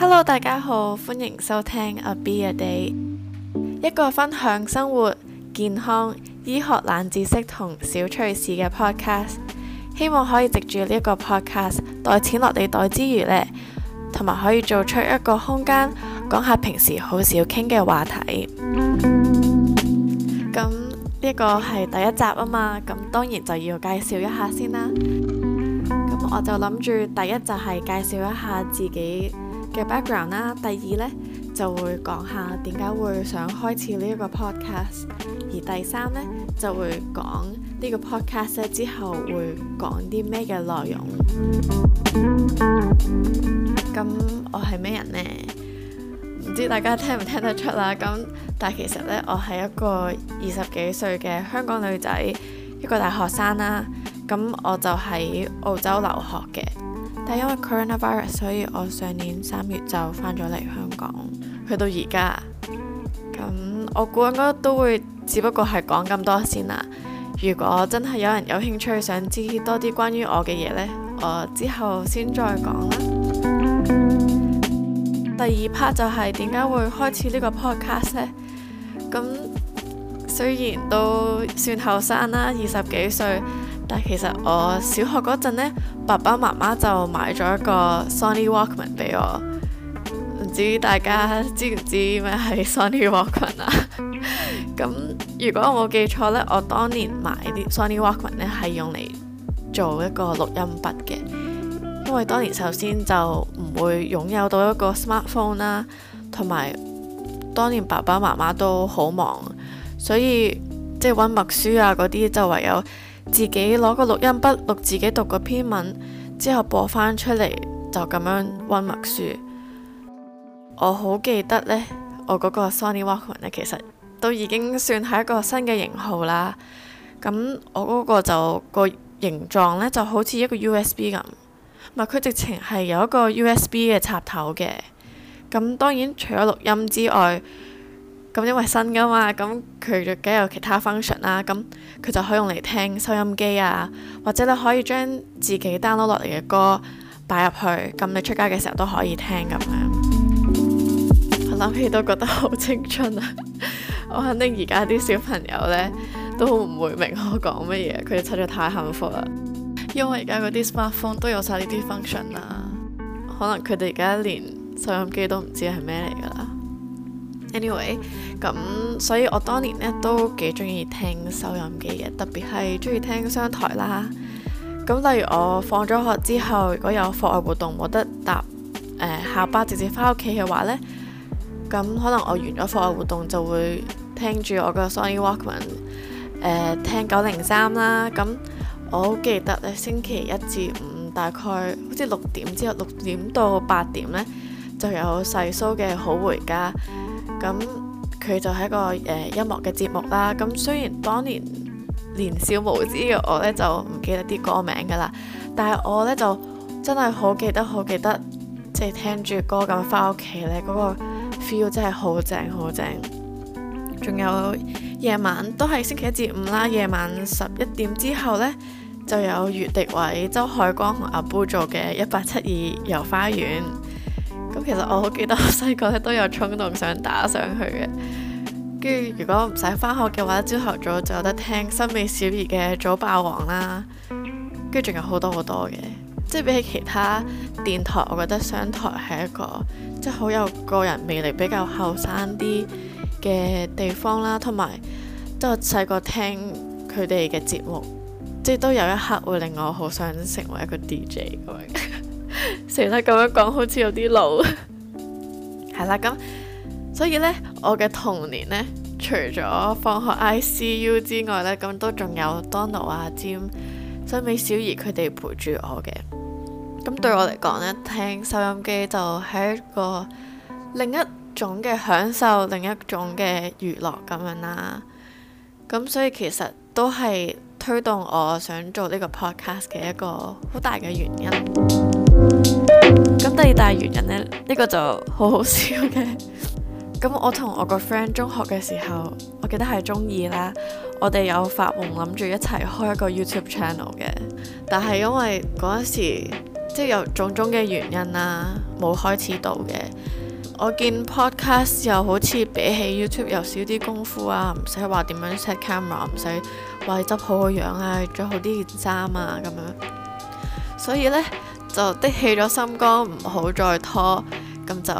Hello，大家好，歡迎收聽 A Bee A Day，一個分享生活、健康、醫學冷知識同小趣事嘅 podcast。希望可以藉住呢一個 podcast，袋錢落地袋之餘呢，同埋可以做出一個空間，講下平時好少傾嘅話題。呢個係第一集啊嘛，咁當然就要介紹一下先啦。咁我就諗住第一就係介紹一下自己嘅 background 啦，第二呢，就會講下點解會想開始呢一個 podcast，而第三呢，就會講呢個 podcast 之後會講啲咩嘅內容。咁我係咩人呢？唔知大家聽唔聽得出啦，咁但係其實呢，我係一個二十幾歲嘅香港女仔，一個大學生啦，啊。咁我就喺澳洲留學嘅，但係因為 coronavirus，所以我上年三月就翻咗嚟香港，去到而家。咁我估應該都會，只不過係講咁多先啦。如果真係有人有興趣想知多啲關於我嘅嘢呢，我之後先再講啦。第二 part 就係點解會開始呢個 podcast 呢？咁雖然都算後生啦，二十幾歲，但其實我小學嗰陣呢，爸爸媽媽就買咗一個 Sony Walkman 俾我。唔知大家知唔知咩係 Sony Walkman 啊？咁 如果我冇記錯呢，我當年買啲 Sony Walkman 呢，係用嚟做一個錄音筆嘅。因為當年首先就唔會擁有到一個 smartphone 啦，同埋當年爸爸媽媽都好忙，所以即係溫默書啊嗰啲就唯有自己攞個錄音筆錄自己讀個篇文，之後播翻出嚟就咁樣溫默書。我好記得呢，我嗰個 Sony Walkman 呢，其實都已經算係一個新嘅型號啦。咁我嗰個就個形狀呢，就好似一個 USB 咁。佢直情係有一個 USB 嘅插頭嘅，咁當然除咗錄音之外，咁因為新噶嘛，咁佢就梗有其他 function 啦、啊，咁佢就可以用嚟聽收音機啊，或者你可以將自己 download 落嚟嘅歌擺入去，咁你出街嘅時候都可以聽咁樣。我諗起都覺得好青春啊！ 我肯定而家啲小朋友呢都唔會明我講乜嘢，佢哋出咗太幸福啦～因為而家嗰啲 smartphone 都有晒呢啲 function 啦，可能佢哋而家連收音機都唔知係咩嚟噶啦。Anyway，咁所以我當年呢都幾中意聽收音機嘅，特別係中意聽商台啦。咁例如我放咗學之後，如果有課外活動冇得搭誒校巴，直接返屋企嘅話呢，咁可能我完咗課外活動就會聽住我個 Sony Walkman 誒、呃、聽九零三啦。咁我好記得咧，星期一至五大概好似六點之後，六點到八點呢，就有細蘇嘅《好回家》。咁佢就係一個誒、呃、音樂嘅節目啦。咁雖然當年年少無知嘅我呢就唔記得啲歌名㗎喇，但係我呢就真係好記得，好記得即係、就是、聽住歌咁返屋企呢嗰、那個 feel 真係好正，好正。仲有夜晚都係星期一至五啦，夜晚十一點之後呢。就有余迪偉、周海光同阿波做嘅《一八七二遊花園》。咁其實我好記得，我細個咧都有衝動想打上去嘅。跟住如果唔使翻學嘅話，朝頭早就有得聽森美小儀嘅《早霸王》啦。跟住仲有好多好多嘅，即係比起其他電台，我覺得商台係一個即係好有個人魅力、比較後生啲嘅地方啦，同埋都係細個聽佢哋嘅節目。即係都有一刻會令我好想成為一個 DJ 咁 樣，成日咁樣講好似有啲老。係 啦，咁所以呢，我嘅童年呢，除咗放學 ICU 之外呢，咁都仲有 Donald 啊、Jim、森美小儀佢哋陪住我嘅。咁對我嚟講呢，聽收音機就係一個另一種嘅享受，另一種嘅娛樂咁樣啦、啊。咁所以其實都係。推動我想做呢個 podcast 嘅一個好大嘅原因。咁第二大原因呢，呢個就好好笑嘅。咁 我同我個 friend 中學嘅時候，我記得係中二啦，我哋有發夢諗住一齊開一個 YouTube channel 嘅，但係因為嗰陣時即係有種種嘅原因啦，冇開始到嘅。我見 podcast 又好似比起 YouTube 又少啲功夫啊，唔使話點樣 set camera，唔使話執好個樣啊，着好啲件衫啊咁樣，所以呢，就的起咗心肝，唔好再拖，咁就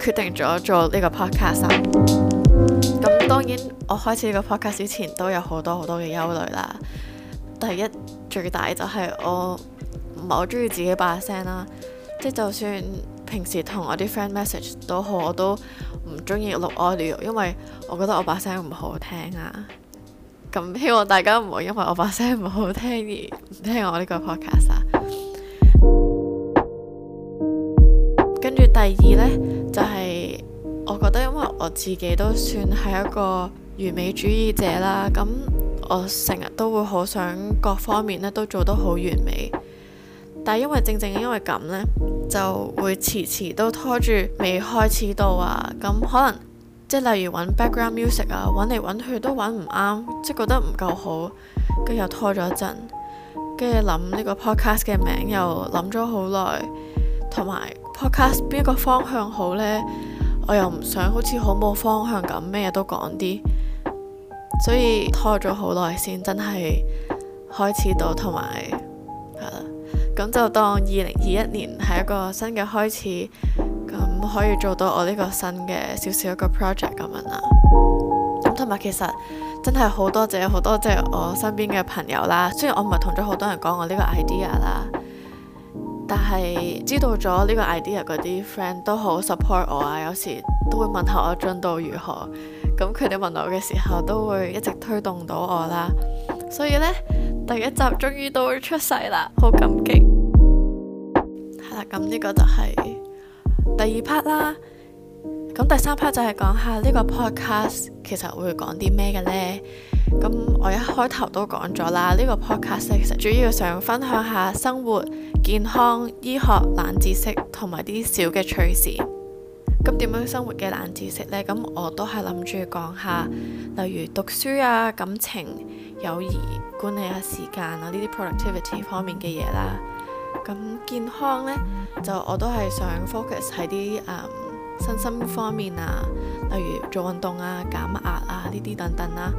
決定咗做呢個 podcast 啊。咁當然我開始呢個 podcast 之前都有好多好多嘅憂慮啦。第一最大就係我唔係好中意自己把聲啦，啊，即係就算。平時同我啲 friend message 都好，我都唔中意錄 audio 因為我覺得我把聲唔好聽啊。咁希望大家唔好因為我把聲唔好聽而唔聽我呢個 podcast 啊。跟住第二呢，就係我覺得因為我自己都算係一個完美主義者啦。咁我成日都會好想各方面咧都做得好完美。但係因為正正因為咁呢，就會遲遲都拖住未開始到啊。咁可能即係例如揾 background music 啊，揾嚟揾去都揾唔啱，即係覺得唔夠好，跟住又拖咗一陣，跟住諗呢個 podcast 嘅名又諗咗好耐，同埋 podcast 邊一個方向好呢？我又唔想好似好冇方向咁咩都講啲，所以拖咗好耐先真係開始到同埋。咁就當二零二一年係一個新嘅開始，咁可以做到我呢個新嘅少少一個 project 咁樣啦。咁同埋其實真係好多謝好多即係我身邊嘅朋友啦。雖然我唔係同咗好多人講我呢個 idea 啦，但係知道咗呢個 idea 嗰啲 friend 都好 support 我啊。有時都會問下我進度如何，咁佢哋問我嘅時候都會一直推動到我啦。所以呢。第一集終於都會出世啦，好感激。係、 嗯、啦，咁呢個就係第二 part 啦。咁第三 part 就係講下呢個 podcast 其實會講啲咩嘅呢？咁我一開頭都講咗啦，呢、呢個 podcast 其實主要想分享下生活、健康、醫學冷知識同埋啲小嘅趣事。咁點樣生活嘅冷知識呢？咁我都係諗住講下，例如讀書啊、感情、友誼、管理下時間啊呢啲 productivity 方面嘅嘢啦。咁健康呢，就我都係想 focus 喺啲誒、um，身心方面啊，例如做運動啊、減壓啊呢啲等等啦、啊。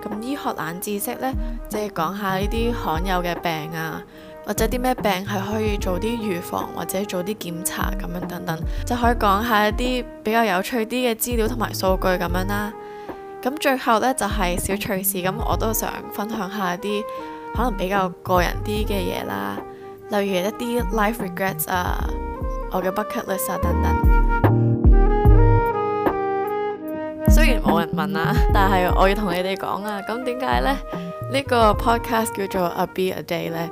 咁醫學冷知識呢，即係講下呢啲罕有嘅病啊。或者啲咩病係可以做啲預防，或者做啲檢查咁樣等等，就可以講下一啲比較有趣啲嘅資料同埋數據咁樣啦。咁最後呢，就係、是、小趣事，咁我都想分享一下啲可能比較個人啲嘅嘢啦，例如一啲 life regrets 啊，我嘅 bucket list 等等。 雖然冇人問啊，但係我要同你哋講啊，咁點解呢？呢 個 podcast 叫做 A Bee A Day 呢。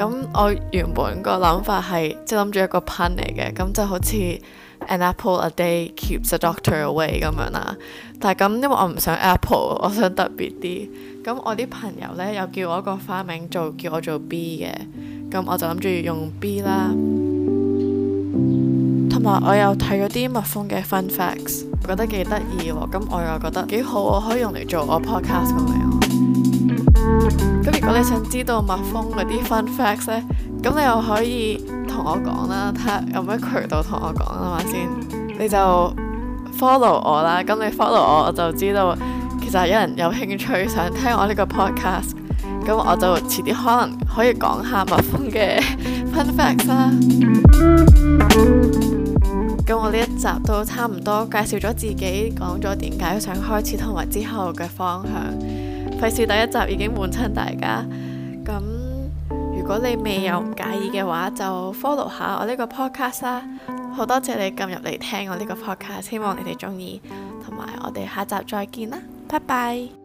咁我原本個諗法係即係諗住一個 pun 嚟嘅，咁就好似 An apple a day keeps a doctor away 咁樣啦。但係咁因為我唔想 apple，我想特別啲。咁我啲朋友呢，又叫我一個花名做叫我做 B 嘅，咁我就諗住用 B 啦。同埋我又睇咗啲蜜蜂嘅 fun facts，覺得幾得意喎。咁我又覺得幾好喎，我可以用嚟做我 podcast 咁樣。咁如果你想知道蜜蜂嗰啲 fun facts 咧，咁你又可以同我講啦，睇下有咩渠道同我講啊嘛先。你就 follow 我啦，咁你 follow 我，我就知道其實有人有興趣想聽我呢個 podcast，咁我就遲啲可能可以講下蜜蜂嘅 fun facts 啦。咁我呢一集都差唔多介紹咗自己，講咗點解想開始，同埋之後嘅方向。費事第一集已經悶親大家，咁如果你未有唔介意嘅話，就 follow 下我呢個 podcast 啦。好多謝你撳入嚟聽我呢個 podcast，希望你哋中意，同埋我哋下集再見啦，拜拜。